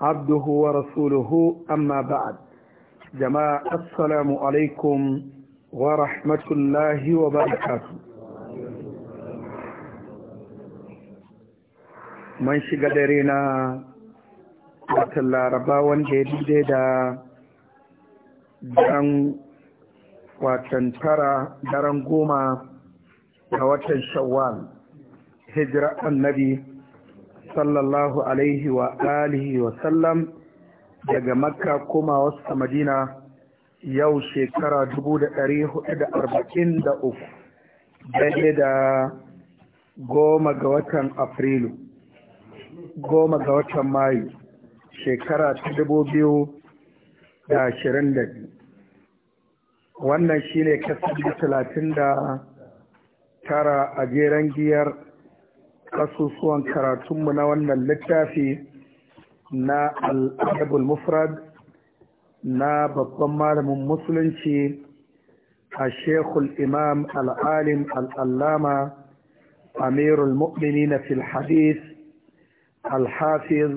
عبده ورسوله أما بعد جماعة السلام عليكم ورحمة الله وبركاته من شقدرنا وتلا رباوان جديدة دان watan tara daren goma ga watan shawwal hijira annabi sallallahu alaihi wa alihi wa sallam daga makka kuma wasu madina yau shekara uku, daidai da goma ga watan afrilu goma ga watan mayu shekara ta 2022 wannan shi ne kasar 39 a jeren giyar kasusuwan karatunmu na wannan littafi na al'adabul mufrad na babban malamin musulunci a shekul imam al'alim al'allama amirul mu'mini na filhadis alhafiz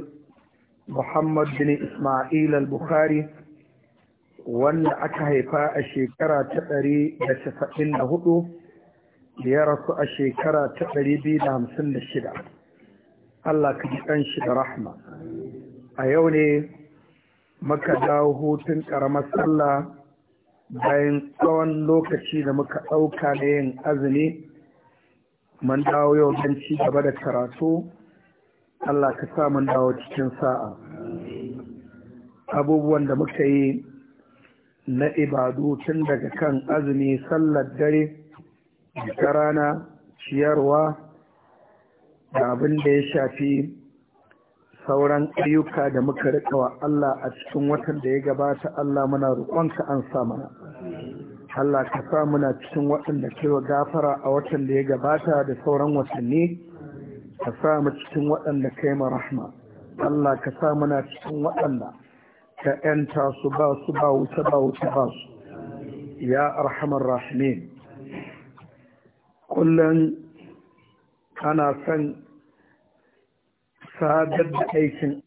muhammad bin ismail al-bukhari wanda aka haifa a shekara ta ɗari da da hudu. da ya rasu a shekara ta ɗari biyu da da shida. Allah ka ji ɗan shi da rahma a yau ne muka dawo hutun ƙaramar sallah bayan tsawon lokaci da muka ɗauka na yin azumi mun dawo yau don ci gaba da karatu Allah ka sa mun dawo cikin sa'a abubuwan da muka yi na ibadu tun daga kan azumi sallar dare ta rana ciyarwa da abin da ya shafi sauran ayyuka da muka rikawa Allah a cikin watan da ya gabata Allah muna roƙonka an sa Allah ka sa muna cikin waɗanda ke wa gafara a watan da ya gabata da sauran watanni ka sa mu cikin waɗanda kai ma rahma Allah ka sa muna cikin waɗanda ka ‘yanta su ba su ba wuce ba wuce ba su ya arhamar rahimin kullum kana son sadar da aikin